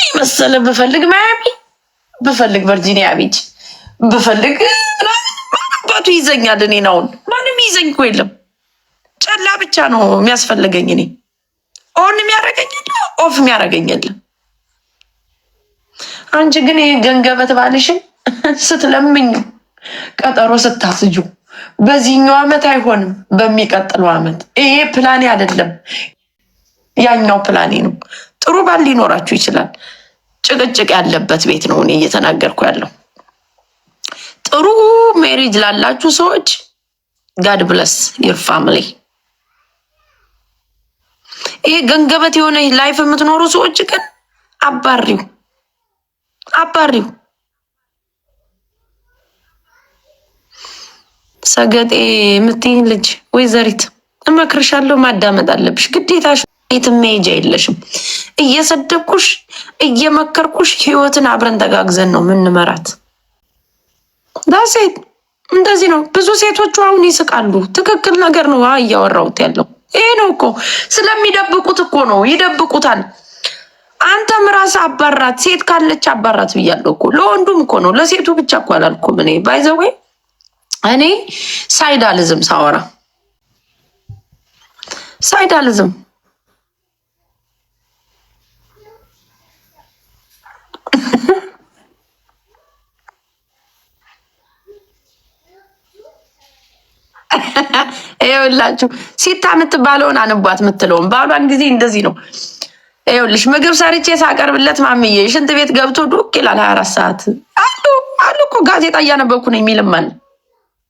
እኔ መሰለ ብፈልግ ማያሚ ብፈልግ ቨርጂኒያ ቢች ብፈልግ አባቱ ይዘኛል። እኔ አሁን ማንም ይዘኝ እኮ የለም። ጨላ ብቻ ነው የሚያስፈልገኝ። እኔ ኦን የሚያደርገኝ የለ ኦፍ የሚያደርገኝ የለ። አንቺ ግን ይህ ገንገበት ባልሽን ስትለምኙ ቀጠሮ ስታስጁ በዚህኛው አመት አይሆንም፣ በሚቀጥለው አመት ይሄ ፕላኔ አይደለም፣ ያኛው ፕላኔ ነው። ጥሩ ባል ሊኖራችሁ ይችላል። ጭቅጭቅ ያለበት ቤት ነው እኔ እየተናገርኩ ያለው። ጥሩ ሜሪጅ ላላችሁ ሰዎች ጋድ ብለስ ዩር ፋሚሊ። ይሄ ገንገበት የሆነ ላይፍ የምትኖሩ ሰዎች ግን አባሪው አባሪው ሰገጤ የምትይኝ ልጅ ወይዘሪት እመክርሻለሁ። ማዳመጥ አለብሽ ግዴታሽ የትም መሄጃ የለሽም። እየሰደብኩሽ እየመከርኩሽ ህይወትን አብረን ተጋግዘን ነው ምንመራት። ዳሴት እንደዚህ ነው። ብዙ ሴቶቹ አሁን ይስቃሉ። ትክክል ነገር ነው እያወራሁት ያለው ይሄ ነው እኮ። ስለሚደብቁት እኮ ነው ይደብቁታል። አንተም ራስህ አባራት፣ ሴት ካለች አባራት ብያለሁ እኮ። ለወንዱም እኮ ነው ለሴቱ ብቻ እኮ አላልኩም። እኔ ባይዘዌ እኔ ሳይዳልዝም ሳወራ ሳይዳልዝም ይኸውላችሁ ሲታ የምትባለውን አንቧት የምትለውን ባሏን ጊዜ እንደዚህ ነው። ይኸውልሽ ምግብ ሰርቼ ሳቀርብለት ማምዬ ሽንት ቤት ገብቶ ዱቅ ይላል። ሀያ አራት ሰዓት አሉ አሉ እኮ ጋዜጣ እያነበብኩ ነው የሚልም አለ።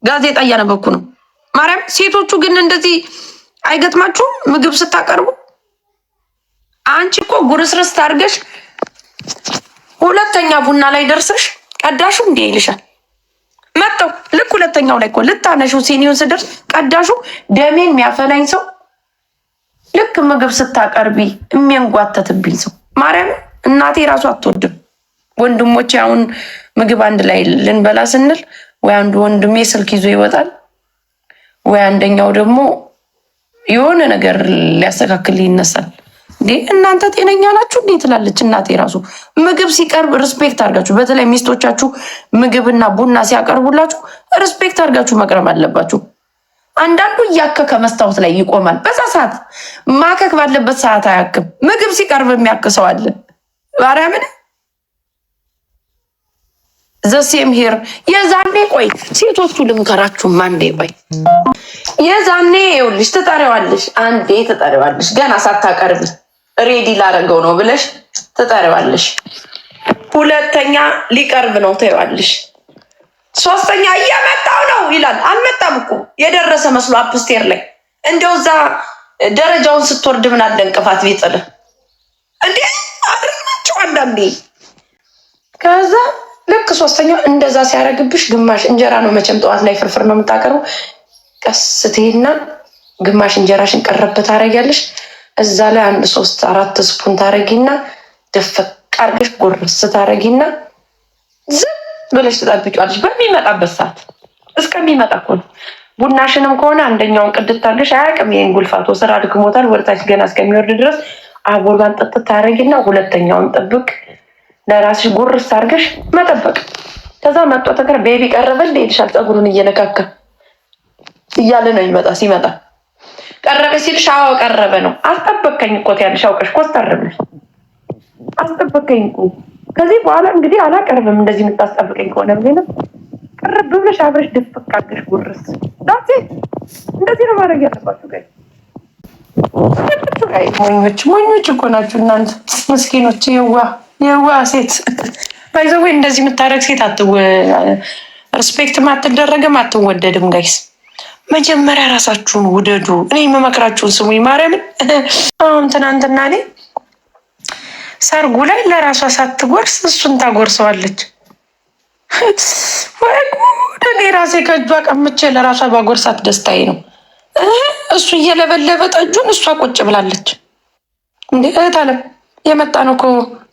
ጋዜጣ እያነበብኩ ነው ማርያም። ሴቶቹ ግን እንደዚህ አይገጥማችሁም? ምግብ ስታቀርቡ አንቺ እኮ ጉርስርስ ታርገሽ ሁለተኛ ቡና ላይ ደርሰሽ ቀዳሹ እንዲህ ይልሻል። መጣው ልክ ሁለተኛው ላይ እኮ ልታነሹ ሲኒውን ስደርስ ቀዳሹ ደሜን የሚያፈላኝ ሰው ልክ ምግብ ስታቀርቢ የሚያንጓተትብኝ ሰው ማርያም እናቴ ራሱ አትወድም። ወንድሞች አሁን ምግብ አንድ ላይ ልንበላ ስንል ወይ አንዱ ወንድሜ ስልክ ይዞ ይወጣል፣ ወይ አንደኛው ደግሞ የሆነ ነገር ሊያስተካክል ይነሳል። እንዴ እናንተ ጤነኛ ናችሁ እንዴ? ትላለች እናቴ ራሱ ምግብ ሲቀርብ ሪስፔክት አድርጋችሁ፣ በተለይ ሚስቶቻችሁ ምግብና ቡና ሲያቀርቡላችሁ ሪስፔክት አድርጋችሁ መቅረብ አለባችሁ። አንዳንዱ እያከከ መስታወት ላይ ይቆማል። በዛ ሰዓት ማከክ ባለበት ሰዓት አያክም። ምግብ ሲቀርብ የሚያክሰው አለ። ማርያምን ዘሴም ሄር የዛኔ ቆይ ሴቶቹ ልምከራችሁ ማንዴ ቆይ የዛኔ ይኸውልሽ ትጠሪዋለሽ፣ አንዴ ትጠሪዋለሽ ገና ሳታቀርብ ሬዲ ላደረገው ነው ብለሽ ትጠርባለሽ። ሁለተኛ ሊቀርብ ነው ትይዋለሽ። ሶስተኛ እየመጣው ነው ይላል። አልመጣም እኮ የደረሰ መስሎ አፕስቴር ላይ እንደው እዛ ደረጃውን ስትወርድ ምን አደንቅፋት ቢጥል እንዴ አድርግናቸው አንዳንዴ። ከዛ ልክ ሶስተኛው እንደዛ ሲያደርግብሽ ግማሽ እንጀራ ነው መቼም ጠዋት ላይ ፍርፍር ነው የምታቀርበው። ቀስ ግማሽ እንጀራሽን ቀረብ ታደርጊያለሽ። እዛ ላይ አንድ ሶስት አራት ስፑን ታረጊና ደፈቅ አርገሽ ጎርስ ታረጊና ዝም ብለሽ ትጠብቂዋለሽ። በሚመጣበት ሰዓት እስከሚመጣ እኮ ነው። ቡናሽንም ከሆነ አንደኛውን ቅድት አርገሽ አያቅም። ይህን ጉልፋቶ ስራ አድክሞታል። ወደታች ገና እስከሚወርድ ድረስ አቦሏን ጥጥት ታረጊና ሁለተኛውን ጥብቅ ለራስሽ ጉርስ አርገሽ መጠበቅ። ከዛ መጧ ተገር ቤቢ ቀረበል ይልሻል። ፀጉሩን እየነካካ እያለ ነው ይመጣ ሲመጣ ቀረበ ሲልሽ አዎ ቀረበ ነው። አስጠበቀኝ እኮ ትያለሽ አውቀሽ ኮስተር ብለሽ አስጠበቀኝ እኮ። ከዚህ በኋላ እንግዲህ አላቀርብም እንደዚህ የምታስጠብቀኝ ከሆነ ብሌንም ቅርብ ብለሽ አብረሽ ድፍቅ አድርገሽ ጉርስ ዳሴ። እንደዚህ ነው ማድረግ ያለባችሁ ጋይ ሞኞች ሞኞች እኮ ናችሁ እናንተ ምስኪኖች። የዋ የዋ ሴት ባይዘዌ እንደዚህ የምታደረግ ሴት ሪስፔክትም አትደረግም አትወደድም ጋይስ። መጀመሪያ ራሳችሁን ውደዱ። እኔ የምመክራችሁን ስሙ። ማርያምን አሁን ትናንትና እኔ ሰርጉ ላይ ለራሷ ሳትጎርስ እሱን ታጎርሰዋለች። ወደ እኔ ራሴ ከእጇ ቀምቼ ለራሷ ባጎርሳት ደስታዬ ነው። እሱ እየለበለበ ጠጁን እሷ ቁጭ ብላለች። እንዴ እህት አለም የመጣ ነው እኮ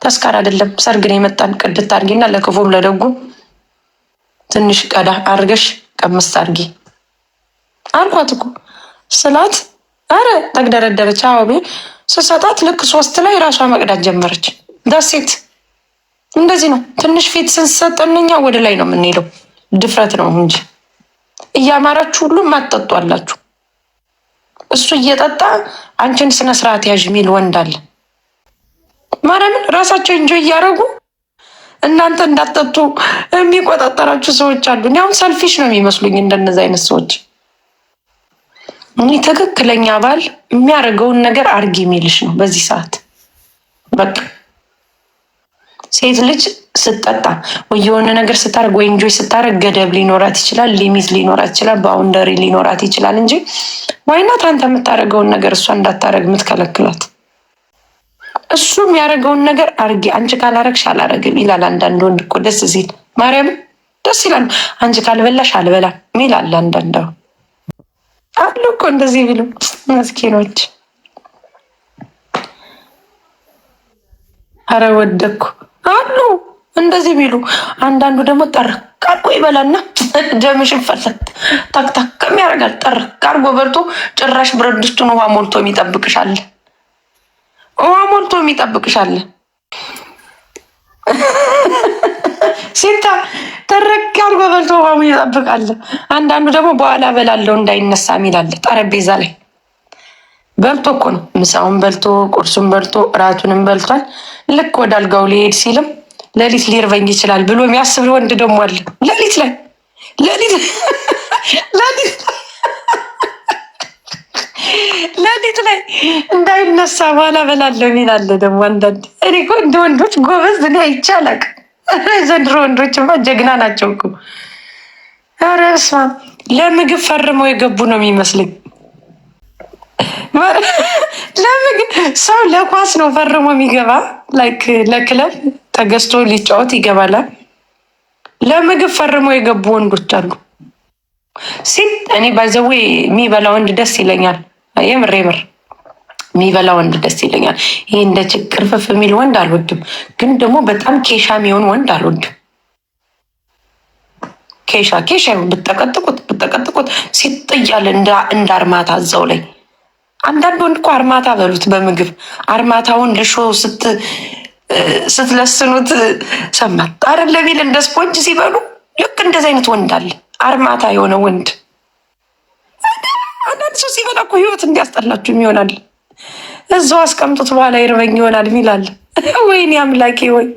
ተስካር አይደለም፣ ሰርግን የመጣን ቅድት አድርጊና ለክፉም ለደጉም ትንሽ ቀዳ አርገሽ ቀምስት አድርጊ። አልኳት እኮ ስላት አረ ተግደረደረች። አዋቢ ስሰጣት ልክ ሶስት ላይ ራሷ መቅዳት ጀመረች። ዳሴት እንደዚህ ነው። ትንሽ ፊት ስንሰጠን እኛ ወደ ላይ ነው የምንሄደው። ድፍረት ነው እንጂ እያማራችሁ ሁሉም አትጠጡ አላችሁ። እሱ እየጠጣ አንቺን ስነስርዓት ያዥ የሚል ወንድ አለ። ማርያምን ራሳቸው እንጆ እያደረጉ እናንተ እንዳትጠጡ የሚቆጣጠራችሁ ሰዎች አሉ። እኔ ሰልፊሽ ነው የሚመስሉኝ እንደነዚ አይነት ሰዎች እኔ ትክክለኛ ባል የሚያደርገውን ነገር አርግ የሚልሽ ነው። በዚህ ሰዓት በቃ ሴት ልጅ ስጠጣ ወይ የሆነ ነገር ስታደርግ ወይ እንጆይ ስታደርግ ገደብ ሊኖራት ይችላል፣ ሊሚት ሊኖራት ይችላል፣ ባውንደሪ ሊኖራት ይችላል እንጂ ዋይናት አንተ የምታደርገውን ነገር እሷ እንዳታደርግ የምትከለክላት እሱ የሚያደርገውን ነገር አርጌ አንቺ ካላረግሽ አላረግም ይላል። አንዳንድ ወንድ እኮ ደስ ሲል ማርያም ደስ ይላል። አንቺ ካልበላሽ አልበላም ይላል አንዳንድ አሉ እኮ እንደዚህ ቢሉ መስኪኖች። አረ ወደኩ አሉ እንደዚህ ቢሉ። አንዳንዱ ደግሞ ጠርቅ አርጎ ይበላና ደምሽን ፈለት ታክታክም ያደርጋል። ጠርቅ አርጎ በልቶ ጭራሽ ብረት ድስቱን ውሃ ሞልቶ የሚጠብቅሻለ ውሃ ሞልቶ የሚጠብቅሻለ ሲል ተረክ ያሉ በበልቶ ውሃውን ይጠብቃል። አንዳንዱ ደግሞ በኋላ በላለው እንዳይነሳ ሚላለ ጠረጴዛ ላይ በልቶ እኮ ነው ምሳውን በልቶ ቁርሱን በልቶ እራቱንም በልቷል። ልክ ወደ አልጋው ሊሄድ ሲልም ሌሊት ሊርበኝ ይችላል ብሎ የሚያስብ ወንድ ደግሞ አለ። ሌሊት ላይ ሌሊት ሌሊት ላይ እንዳይነሳ በኋላ በላለው ሚላለ ደግሞ አንዳንድ እኔ እኮ እንደ ወንዶች ጎበዝ እኔ አይቻላል ዘንድሮ ወንዶችማ ጀግና ናቸው እኮ። ኧረ በስመ አብ ለምግብ ፈርመው የገቡ ነው የሚመስለኝ። ለምግብ ሰው ለኳስ ነው ፈርሞ የሚገባ ላይክ ለክለብ ተገዝቶ ሊጫወት ይገባላል። ለምግብ ፈርሞ የገቡ ወንዶች አሉ። ሲል እኔ ባይዘዌ የሚበላ ወንድ ደስ ይለኛል። የምር የምር የሚበላ ወንድ ደስ ይለኛል። ይሄ እንደ ችግር ፍፍ የሚል ወንድ አልወድም፣ ግን ደግሞ በጣም ኬሻ የሚሆን ወንድ አልወድም። ኬሻ ኬሻ ብጠቀጥቁት ብጠቀጥቁት ሲጥያል እንደ አርማታ እዛው ላይ አንዳንድ ወንድ እኮ አርማታ በሉት በምግብ አርማታውን ልሾ ስትለስኑት ሰማ ጣር ለሚል እንደ ስፖንጅ ሲበሉ ልክ እንደዚህ አይነት ወንድ አለ። አርማታ የሆነ ወንድ አንዳንድ ሰው ሲበላ እኮ ህይወት እንዲያስጠላችሁም ይሆናል። እዛው አስቀምጡት፣ በኋላ ይርበኝ ይሆናል ሚላል። ወይኔ አምላኬ ወይ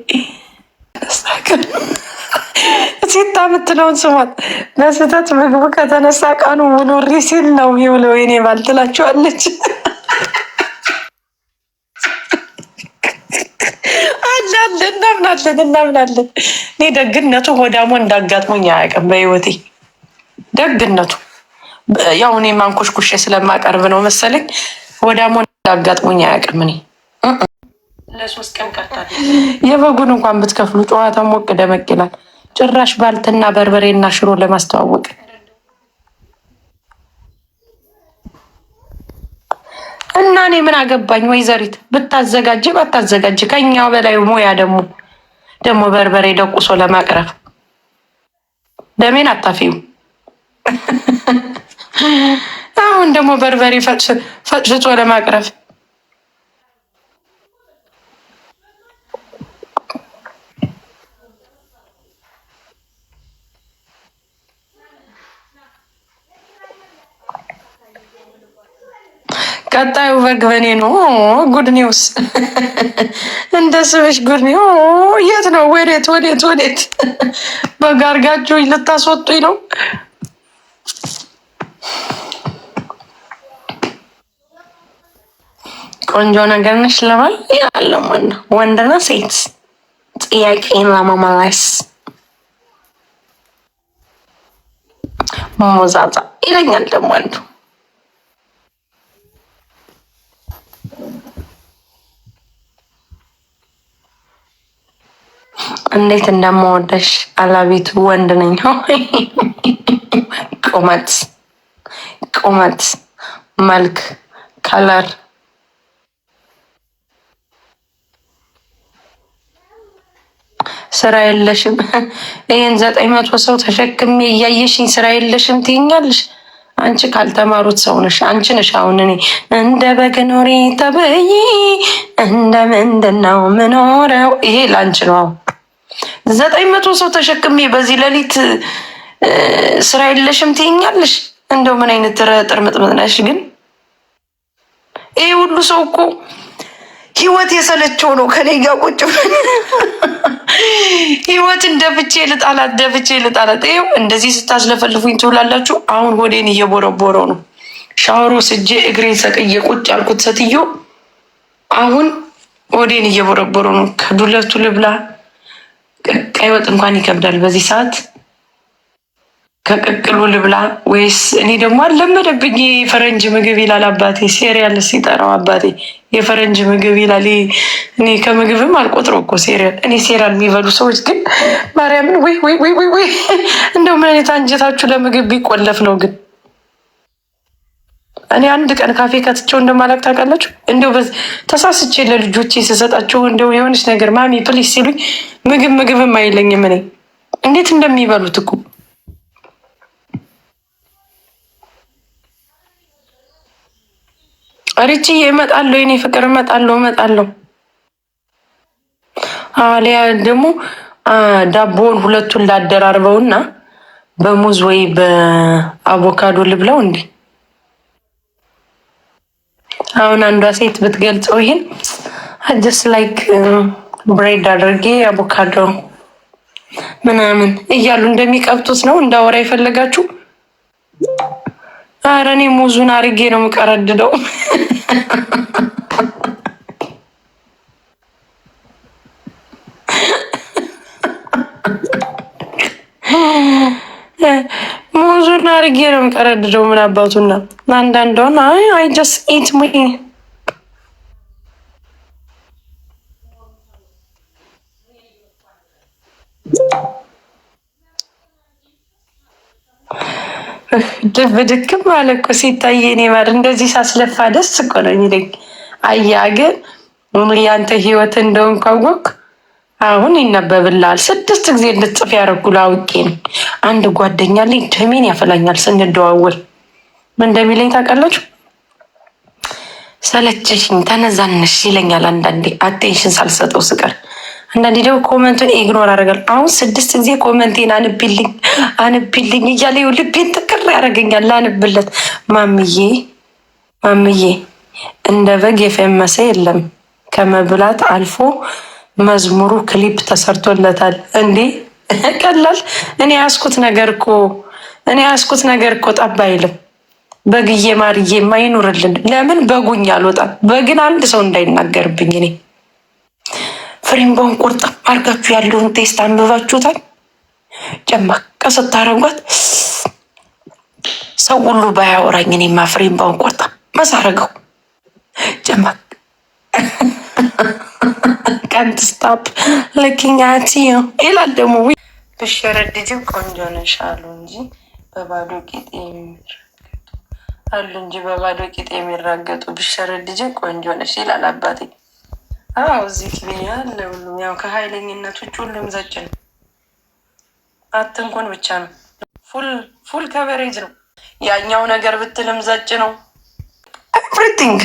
ሴት የምትለውን ስሟት። በስህተት ምግቡ ከተነሳ ቀኑ ሙሉ ሪሲል ነው የሚውለው። ወይኔ ባል ትላቸዋለች። አላለን እናምናለን እናምናለን። እኔ ደግነቱ ሆዳሞ እንዳጋጥሞኝ አያውቅም በህይወቴ ደግነቱ። ያው እኔ ማንኮሽኩሼ ስለማቀርብ ነው መሰለኝ ሆዳሞ አጋጥሞኝ አያውቅም። እኔ ለሶስት ቀን የበጉን እንኳን ብትከፍሉ ጨዋታ ሞቅ ደመቅ ይላል። ጭራሽ ባልትና በርበሬና ሽሮ ለማስተዋወቅ እና እኔ ምን አገባኝ? ወይዘሪት ብታዘጋጅ ባታዘጋጅ ከኛው በላይ ሙያ ደግሞ ደግሞ በርበሬ ደቁሶ ለማቅረብ ደሜን አታፊው አሁን ደግሞ በርበሬ ፈጭቶ ለማቅረብ ቀጣዩ በግ በኔ ነው። ጉድ ኒውስ እንደ ስብሽ ጉድ ኒ የት ነው? ወዴት ወዴት ወዴት? በግ አርጋችሁ ልታስወጡኝ ነው? ቆንጆ ነገር ነሽ ለባል ያለው ማነው? ወንድና ሴት ጥያቄን ለመመለስ ሞዛዛ ይለኛል ደግሞ አንዱ። እንዴት እንደምወደሽ አላቤቱ ወንድ ነኝ። ቁመት ቁመት፣ መልክ፣ ከለር ስራ የለሽም። ይህን ዘጠኝ መቶ ሰው ተሸክሜ እያየሽኝ ስራ የለሽም ትይኛለሽ። አንቺ ካልተማሩት ሰው ነሽ። አንቺ ነሽ አሁን እኔ እንደ በግ ኖሪ እንደ ምንድን ነው ምኖረው? ይሄ ለአንቺ ነው። አሁን ዘጠኝ መቶ ሰው ተሸክሜ በዚህ ሌሊት ስራ የለሽም ትይኛለሽ። እንደው ምን አይነት ጥርምጥምጥ ነሽ ግን ይሄ ሁሉ ሰው እኮ ህይወት የሰለቸው ነው ከኔ ጋር ቁጭ ህይወት እንደፍቼ ልጣላት ደፍቼ ልጣላት። ይኸው እንደዚህ ስታስለፈልፉኝ ትውላላችሁ። አሁን ሆዴን እየቦረቦረው ነው። ሻወር ወስጄ እግሬን ሰቅዬ ቁጭ ያልኩት ሴትዮ አሁን ሆዴን እየቦረቦረው ነው። ከዱለቱ ልብላ። ቀይ ወጥ እንኳን ይከብዳል በዚህ ሰዓት። ከቅቅሉ ልብላ ወይስ እኔ ደግሞ አለመደብኝ ፈረንጅ ምግብ ይላል አባቴ። ሴሪያል ሲጠራው አባቴ የፈረንጅ ምግብ ይላል። እኔ ከምግብም አልቆጥሮ እኮ ሴሪያል። እኔ ሴሪያል የሚበሉ ሰዎች ግን ማርያምን ወይ ወይ ወይ ወይ ወይ እንደው ምን አይነት አንጀታችሁ ለምግብ ቢቆለፍ ነው ግን እኔ አንድ ቀን ካፌ ከትቼው እንደማላቅ ታውቃላችሁ። እንደው ተሳስቼ ለልጆቼ ስሰጣቸው እንደው የሆነች ነገር ማሚ ፕሊስ ሲሉኝ ምግብ ምግብም አይለኝም። እኔ እንዴት እንደሚበሉት እኮ ሪችዬ እመጣለሁ፣ የኔ ፍቅር እመጣለሁ፣ እመጣለሁ። አሊያ ደግሞ ዳቦውን ሁለቱን ላደራርበውና በሙዝ ወይ በአቮካዶ ልብለው እንዴ? አሁን አንዷ ሴት ብትገልጸው ይህን አጀስ ላይክ ብሬድ አድርጌ አቮካዶ ምናምን እያሉ እንደሚቀብጡት ነው እንዳወራ የፈለጋችሁ ኧረ እኔ ሙዙን አርጌ ነው የምቀረድደው። ሙዙን አርጌ ነው የምቀረድደው። ምን አባቱና አንዳንደውን አይ ጀስት ኢት ሚ ድብድክም አለ እኮ ሲታይ እኔ ማር እንደዚህ ሳስለፋ ደስ እኮ ነው የሚለኝ። አያ ግን ያንተ ህይወት እንደውን ካወቅ አሁን ይነበብላል። ስድስት ጊዜ እንድጽፍ ያደረጉ ላውቄ ነው። አንድ ጓደኛ ልኝ ደሜን ያፈላኛል ስንደዋወል ምን እንደሚለኝ ታውቃላችሁ? ሰለችሽኝ ተነዛነሽ ይለኛል አንዳንዴ አቴንሽን ሳልሰጠው ስቀር አንዳንዴ ደግሞ ኮመንቱን ኢግኖር አደርጋለሁ። አሁን ስድስት ጊዜ ኮመንቴን አንብልኝ አንብልኝ እያለ ይኸው ልቤን ጥቅር ያደርገኛል። ላንብለት ማምዬ ማምዬ እንደ በግ የፈመሰ የለም ከመብላት አልፎ መዝሙሩ ክሊፕ ተሰርቶለታል። እንዴ ቀላል። እኔ ያስኩት ነገር እኮ እኔ ያስኩት ነገር እኮ ጣባ አይልም። በግዬ ማርዬ የማይኖርልን ለምን በጉኝ አልወጣም። በግን አንድ ሰው እንዳይናገርብኝ እኔ ፍሬንጓን ቁርጥ አድርጋችሁ ያለውን ቴስት አንብባችሁታል። ጨመቅ ስታረጓት ሰው ሁሉ ባያወራኝ እኔማ ፍሬንጓን ቁርጥ መሳረገው ጨመቅ ከንት ስታፕ ለኪኛቲ ይላል ደግሞ ብሸረድጅ ቆንጆ ነሽ አሉ እንጂ በባዶ ቂጥ የሚራገጡ አሉ እንጂ በባዶ ቂጥ የሚራገጡ ብሸረድጅ ቆንጆ ነሽ ይላል አባቴ። አዎ እዚህ ያለ ሁሉም ያው ከሀይለኝነት ውጭ ሁሉም ዘጭ ነው። አትንኩን ብቻ ነው። ፉል ከቨሬጅ ነው። ያኛው ነገር ብትልም ዘጭ ነው። ኤቭሪቲንግ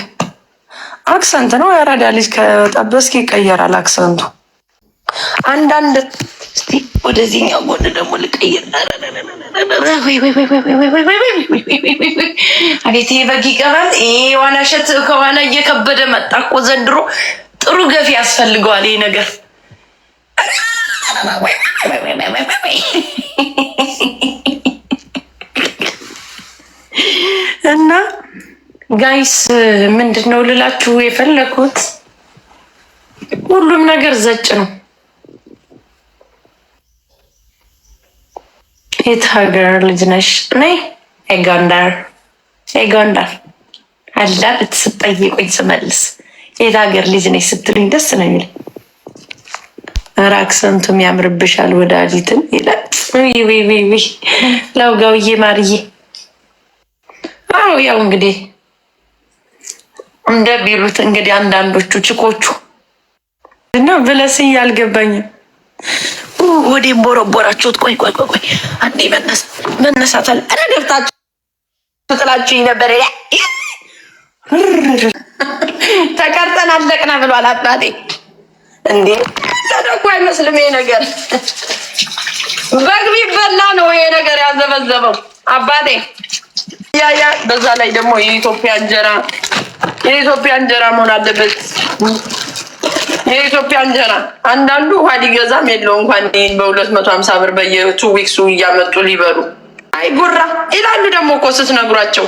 አክሰንት ነው። ያራዳ ልጅ ከጠበስኪ ይቀየራል አክሰንቱ። አንዳንድ እስቲ ወደዚህኛው ጎን ደግሞ ልቀይር። አቤት በግ ይቀራል። ዋናሸት ከኋላ እየከበደ መጣ እኮ ዘንድሮ ጥሩ ገፊ ያስፈልገዋል ይህ ነገር። እና ጋይስ ምንድን ነው ልላችሁ የፈለኩት ሁሉም ነገር ዘጭ ነው። የት ሀገር ልጅ ነሽ? እኔ ጎንደር ጎንደር አላ ብትስጠይቁኝ ስመልስ ሌላ ሀገር ልጅ ነች ስትሉኝ ደስ ነው የሚል። ኧረ አክሰንቱም ያምርብሻል ወዳጅትን ይላል። ላውጋውዬ ማርዬ። አዎ ያው እንግዲህ እንደ እንደሚሉት እንግዲህ አንዳንዶቹ ችኮቹ እና ብለስኝ አልገባኝም። ወደ ቦረቦራችሁት። ቆይ ቆይ ቆይ አንዴ መነሳት አለ። ኧረ ገብታችሁ ጥላችሁኝ ነበር። ተቀርጠን አለቅነ ብሏል አባቴ። እንዴ ተደኩ አይመስልም ይሄ ነገር በግቢ በላ ነው ይሄ ነገር ያዘበዘበው አባቴ። ያያ በዛ ላይ ደግሞ የኢትዮጵያ እንጀራ የኢትዮጵያ እንጀራ መሆን አለበት። የኢትዮጵያ እንጀራ አንዳንዱ ውሃ ሊገዛም የለው እንኳን ይህን በሁለት መቶ ሀምሳ ብር በየቱ ዊክሱ እያመጡ ሊበሉ አይጎራ ይላሉ ደግሞ እኮ ስትነግሯቸው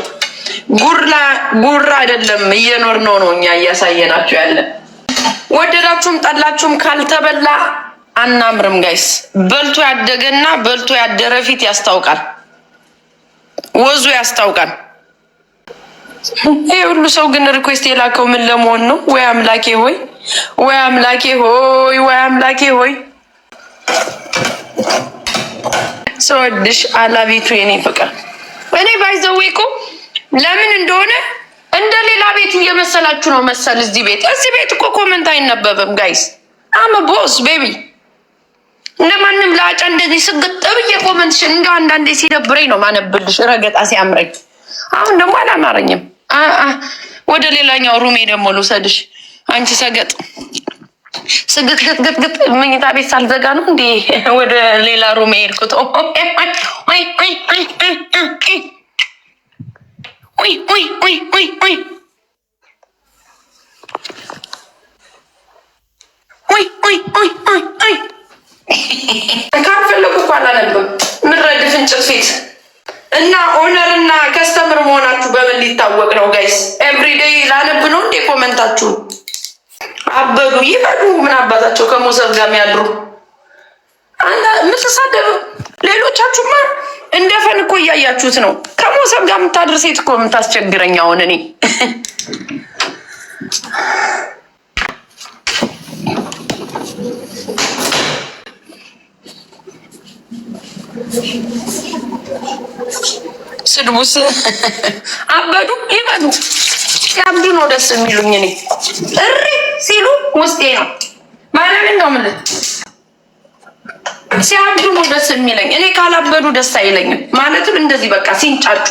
ጉራ አይደለም እየኖር ነው ነው እኛ እያሳየናችሁ ያለ። ወደዳችሁም ጠላችሁም ካልተበላ አናምርም ጋይስ። በልቶ ያደገና በልቶ ያደረ ፊት ያስታውቃል፣ ወዙ ያስታውቃል። ይህ ሁሉ ሰው ግን ሪኩዌስት የላከው ምን ለመሆን ነው? ወይ አምላኬ ሆይ፣ ወይ አምላኬ ሆይ፣ ወይ አምላኬ ሆይ ሰወድሽ አላቤቱ የኔ ፍቅር እኔ ባይዘዌ እኮ ለምን እንደሆነ እንደ ሌላ ቤት እየመሰላችሁ ነው መሰል። እዚህ ቤት እዚህ ቤት እኮ ኮመንት አይነበብም ጋይስ። አመ ቦስ ቤቢ እንደማንም ለአጫ እንደዚህ ስግጥ ብዬ ኮመንትሽን እንደ አንዳንዴ ሲደብረኝ ነው ማነብልሽ፣ ረገጣ ሲያምረኝ። አሁን ደግሞ አላማረኝም። ወደ ሌላኛው ሩሜ ደግሞ ልውሰድሽ። አንቺ ሰገጥ ስግጥግጥግጥግጥ መኝታ ቤት ሳልዘጋ ነው እንዴ ወደ ሌላ ሩሜ ሄድኩት? ኡይ ኡይ ኡይ ኡይ ኡይ ካልፈለጉ እኮ አላነብም። ምረድፍ እንጭት ፊት እና ኦነር እና ከስተምር መሆናችሁ በምን ሊታወቅ ነው ጋይስ? ኤቭሪዴይ ላነብ ነው እንዴ ኮመንታችሁ? አበዱ ይፈዱ። ምን አባታቸው ከሞሰብ ጋር የሚያድሩ የምትሳደብ ሌሎቻችሁማ እንደ ፈን እኮ እያያችሁት ነው። ከሞሰብ ጋር የምታድር ሴት እኮ የምታስቸግረኝ አሁን እኔ ስድቡስ አበዱ ይበሉ ሲያብዱ ነው ደስ የሚሉኝ እኔ እሪ ሲሉ ውስጤ ነው ማለምን ነው ምልት ሲያብዱ ነው ደስ የሚለኝ። እኔ ካላበዱ ደስ አይለኝም። ማለትም እንደዚህ በቃ ሲንጫጩ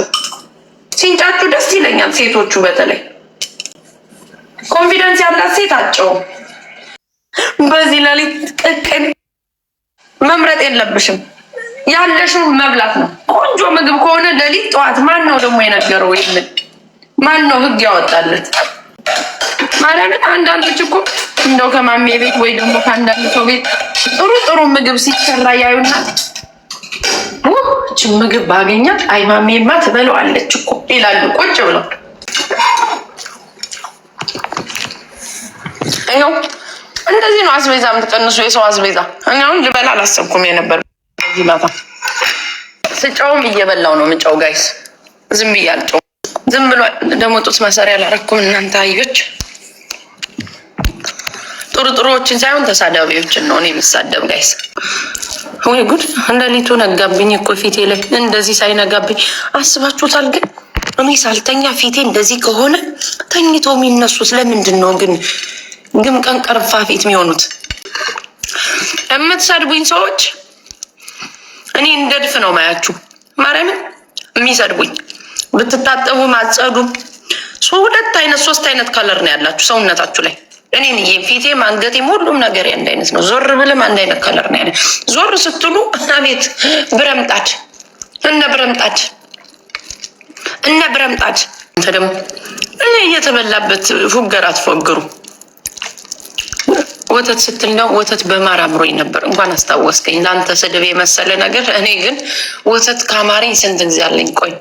ሲንጫጩ ደስ ይለኛል። ሴቶቹ በተለይ ኮንፊደንስ ያላት ሴት አጨውም በዚህ ሌሊት ቅቅን መምረጥ የለብሽም። ያለሽውን መብላት ነው። ቆንጆ ምግብ ከሆነ ሌሊት ጠዋት ማን ነው ደግሞ የነገረው? ይህንን ማን ነው ህግ ያወጣለት? ማለት አንዳንዶች እኮ እንደው ከማሜ ቤት ወይ ደግሞ ከአንዳንድ ሰው ቤት ጥሩ ጥሩ ምግብ ሲሰራ ያዩና ች ምግብ ባገኛት አይ ማሜማ ትበለዋለች እኮ ይላሉ ቁጭ ብለው። ይኸው እንደዚህ ነው አስቤዛ የምትቀንሱ የሰው አስቤዛ። እኔ አሁን ልበላ አላሰብኩም የነበር ዚህ ማታ ስጫውም እየበላው ነው ምጫው ጋይስ ዝም ብያል ዝም ብሎ ደግሞ ጡት መሰሪያ አላረኩም። እናንተ አዮች ጥሩ ጥሩዎችን ሳይሆን ተሳዳቢዎችን ነው እኔ የምሳደብ። ጋይስ ወይ ጉድ! እንደሊቱ ነጋብኝ እኮ ፊቴ ላይ እንደዚህ ሳይነጋብኝ አስባችሁታል? ግን እኔ ሳልተኛ ፊቴ እንደዚህ ከሆነ ተኝቶ የሚነሱት ለምንድን ነው ግን? ግም ቀን ቀርፋ ፊት የሚሆኑት የምትሰድቡኝ ሰዎች እኔ እንደድፍ ነው ማያችሁ። ማርያምን የሚሰድቡኝ ብትታጠቡ ማጸዱ ሁለት አይነት ሶስት አይነት ከለር ነው ያላችሁ ሰውነታችሁ ላይ። እኔን ይ ፊቴም አንገቴም ሁሉም ነገር አንድ አይነት ነው። ዞር ብልም አንድ አይነት ከለር ነው ያለ። ዞር ስትሉ አቤት ብረምጣች እነ ብረምጣች እነ ብረምጣች አንተ ደግሞ እኔ እየተበላበት ፉገር አትፎግሩ። ወተት ስትል ነው ወተት በማር አምሮኝ ነበር። እንኳን አስታወስከኝ። ለአንተ ስድብ የመሰለ ነገር እኔ ግን ወተት ከአማረኝ ስንት ጊዜ አለኝ። ቆይ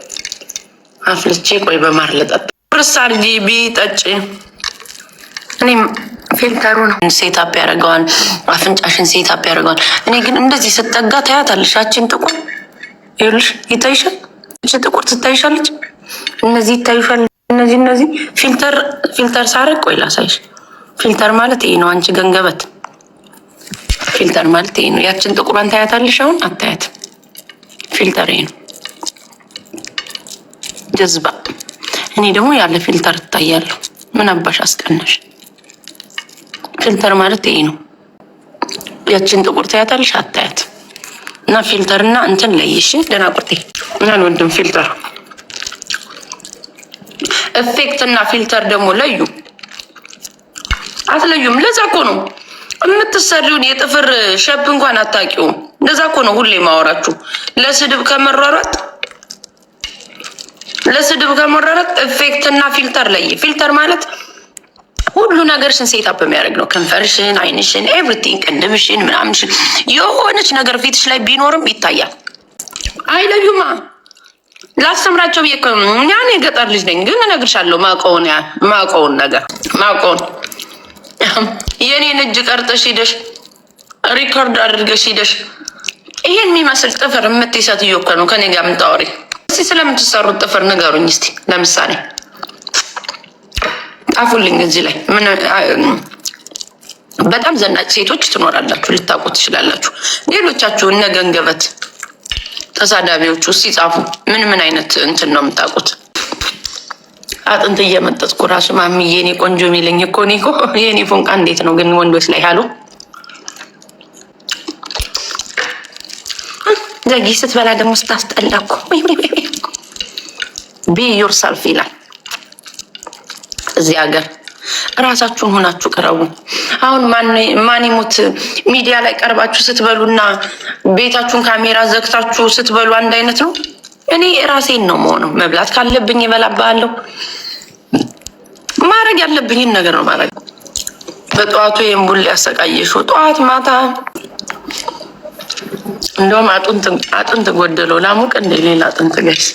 አፍልቼ ቆይ በማር ልጠጣ። ቁርስ አድርጊ ቢጠጪ እኔም ፊልተሩ ነው ሴታፕ ያደርገዋል። አፍንጫሽን ሴታፕ ያደርገዋል። እኔ ግን እንደዚህ ስጠጋ ታያታለሽ። አችን ጥቁር ይኸውልሽ ይታይሻል። እች ጥቁር ትታይሻለች። እነዚህ ይታይሻል። እነዚህ እነዚህ ፊልተር ፊልተር ሳረግ ቆይ ላሳይሽ። ፊልተር ማለት ይሄ ነው። አንቺ ገንገበት ፊልተር ማለት ይሄ ነው። ያችን ጥቁሯን ታያታለሽ። አሁን አታያት። ፊልተር ይሄ ነው። ጀዝባ። እኔ ደግሞ ያለ ፊልተር እታያለሁ። ምን አባሽ አስቀናሽ? ፊልተር ማለት ይሄ ነው። ያችን ጥቁር ታያታለሽ አታያት እና ፊልተር እና እንትን ለይሽ። ቁርጤ ምን ወንድም ፊልተር ኤፌክት እና ፊልተር ደግሞ ለዩ። አትለዩም። ለዛ እኮ ነው የምትሰሪውን የጥፍር ሸፕ እንኳን አታውቂውም። ለዛ እኮ ነው ሁሌ ማወራችሁ ለስድብ ከመሯሯጥ ለስድብ ከመረረት ኤፌክት እና ፊልተር ለይ። ፊልተር ማለት ሁሉ ነገርሽን ሴታፕ የሚያደርግ ነው። ከንፈርሽን፣ አይንሽን፣ ኤቭሪቲንግ ቅንድብሽን፣ ምናምንሽን የሆነች ነገር ፊትሽ ላይ ቢኖርም ይታያል። አይለዩማ ላስተምራቸው ብዬ እኮ እኔ የገጠር ልጅ ነኝ፣ ግን እነግርሻለሁ ማውቀውን ማውቀውን ነገር ማውቀውን የእኔን እጅ ቀርጠሽ ሂደሽ ሪኮርድ አድርገሽ ሂደሽ ይሄን የሚመስል ጥፍር የምትይ ሴትዮ እኮ ነው ከኔ ጋር የምታወሪ እስቲ ስለምትሰሩት ጥፍር ንገሩኝ እስቲ። ለምሳሌ ጣፉልኝ እዚህ ላይ ምን በጣም ዘናጭ ሴቶች ትኖራላችሁ፣ ልታውቁ ትችላላችሁ። ሌሎቻችሁ እነ ገንገበት ተሳዳቢዎቹ ሲጻፉ ምን ምን አይነት እንትን ነው የምታውቁት? አጥንት እየመጠጥኩ ራሱ ማሚዬ፣ የኔ ቆንጆ የሚለኝ እኮ እኔ እኮ የኔ ፎንቃ እንዴት ነው ግን ወንዶች ላይ አሉ ተረጋጊ። ስትበላ ደግሞ ስታስጠላ እኮ ቢ ዮርሰልፍ ይላል እዚህ ሀገር። እራሳችሁን ሆናችሁ ቅረቡ። አሁን ማን ይሙት ሚዲያ ላይ ቀርባችሁ ስትበሉና ቤታችሁን ካሜራ ዘግታችሁ ስትበሉ አንድ አይነት ነው። እኔ ራሴን ነው መሆነው። መብላት ካለብኝ እበላብሃለሁ። ማድረግ ያለብኝን ነገር ነው ማድረግ። በጠዋቱ ይህን ቡል ያሰቃየሽው ጠዋት ማታ እንደውም አጥንት ጎደለው ላሙቅ እንደ ሌላ አጥንት ጋይስ